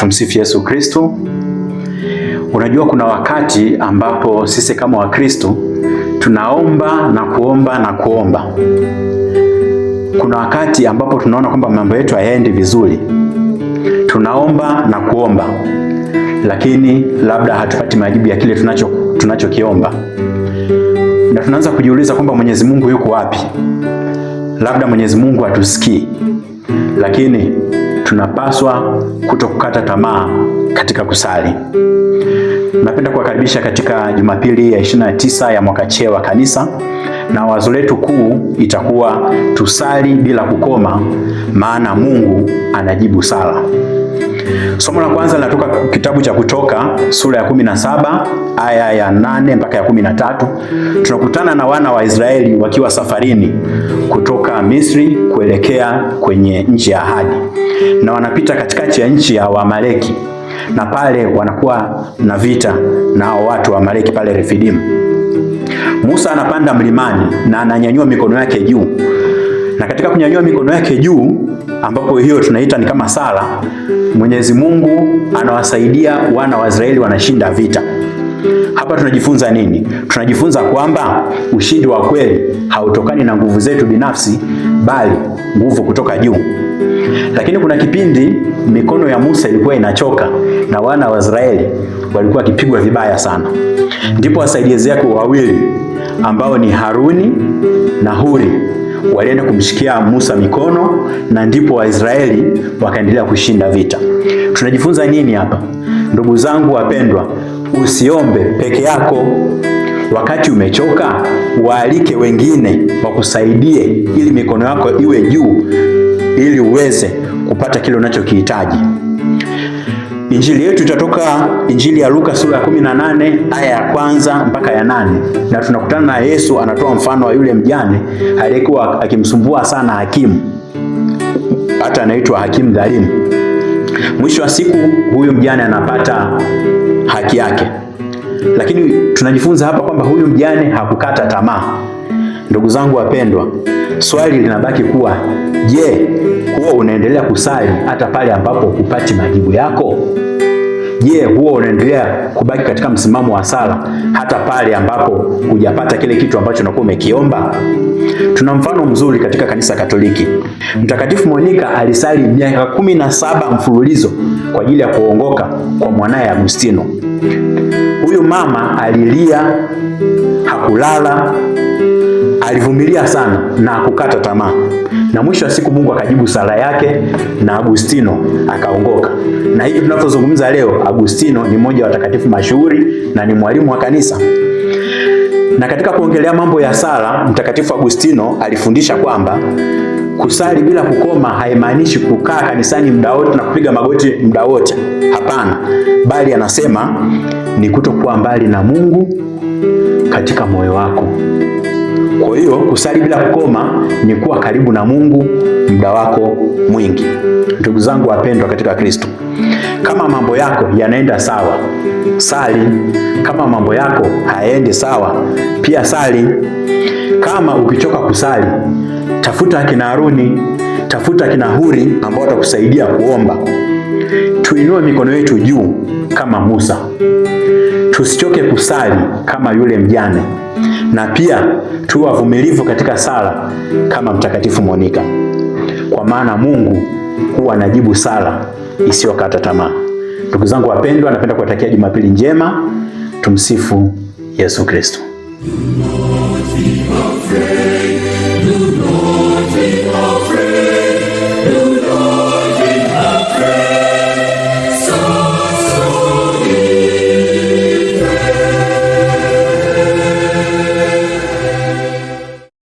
Tumsifu Yesu Kristo. Unajua, kuna wakati ambapo sisi kama Wakristo tunaomba na kuomba na kuomba. Kuna wakati ambapo tunaona kwamba mambo yetu hayaendi vizuri, tunaomba na kuomba, lakini labda hatupati majibu ya kile tunacho tunachokiomba, na tunaanza kujiuliza kwamba Mwenyezi Mungu yuko wapi? Labda Mwenyezi Mungu hatusikii, lakini tunapaswa kutokukata tamaa katika kusali. Napenda kuwakaribisha katika Jumapili ya 29 ya mwaka C wa kanisa, na wazo letu kuu itakuwa tusali bila kukoma, maana Mungu anajibu sala. Somo la kwanza linatoka kitabu cha Kutoka sura ya kumi na saba aya ya nane mpaka ya kumi na tatu. Tunakutana na wana wa Israeli wakiwa safarini kutoka Misri kuelekea kwenye nchi ya ahadi, na wanapita katikati ya nchi ya wamaleki na pale wanakuwa na vita na watu wa Amaleki pale Refidimu. Musa anapanda mlimani na ananyanyua mikono yake juu na katika kunyanyua mikono yake juu, ambapo hiyo tunaita ni kama sala, Mwenyezi Mungu anawasaidia wana wa Israeli, wanashinda vita. Hapa tunajifunza nini? Tunajifunza kwamba ushindi wa kweli hautokani na nguvu zetu binafsi, bali nguvu kutoka juu. Lakini kuna kipindi mikono ya Musa ilikuwa inachoka na wana wa Israeli walikuwa wakipigwa vibaya sana, ndipo wasaidizi yake wawili ambao ni Haruni na Huri walienda kumshikia Musa mikono na ndipo Waisraeli wakaendelea kushinda vita. Tunajifunza nini hapa? Ndugu zangu wapendwa, usiombe peke yako. Wakati umechoka, waalike wengine wakusaidie, ili mikono yako iwe juu, ili uweze kupata kile unachokihitaji. Injili yetu itatoka Injili ya Luka sura ya 18 aya ya kwanza mpaka ya nane, na tunakutana na Yesu anatoa mfano wa yule mjane aliyekuwa akimsumbua sana hakimu, hata anaitwa hakimu dhalimu. Mwisho wa siku huyu mjane anapata haki yake, lakini tunajifunza hapa kwamba huyu mjane hakukata tamaa. Ndugu zangu wapendwa, Swali linabaki kuwa je, huwa unaendelea kusali hata pale ambapo hupati majibu yako? Je, huwa unaendelea kubaki katika msimamo wa sala hata pale ambapo hujapata kile kitu ambacho unakuwa umekiomba? Tuna mfano mzuri katika kanisa Katoliki. Mtakatifu Monika alisali miaka kumi na saba mfululizo kwa ajili ya kuongoka kwa mwanaye Agustino. Huyu mama alilia, hakulala alivumilia sana na kukata tamaa, na mwisho wa siku Mungu akajibu sala yake na Agustino akaongoka. Na hivi tunavyozungumza leo, Agustino ni mmoja wa watakatifu mashuhuri na ni mwalimu wa kanisa. Na katika kuongelea mambo ya sala, Mtakatifu Agustino alifundisha kwamba kusali bila kukoma haimaanishi kukaa kanisani muda wote na kupiga magoti muda wote. Hapana, bali anasema ni kutokuwa mbali na Mungu katika moyo wako. Kwa hiyo kusali bila kukoma ni kuwa karibu na Mungu muda wako mwingi. Ndugu zangu wapendwa katika Kristo, kama mambo yako yanaenda sawa, sali. Kama mambo yako hayaendi sawa, pia sali. Kama ukichoka kusali, tafuta kina Haruni, tafuta kina Huri ambao watakusaidia kuomba. Tuinue mikono yetu juu kama Musa, tusichoke kusali kama yule mjane, na pia tuwe wavumilivu katika sala kama Mtakatifu Monika, kwa maana Mungu huwa anajibu sala isiyokata tamaa. Ndugu zangu wapendwa, napenda kuwatakia Jumapili njema. Tumsifu Yesu Kristo.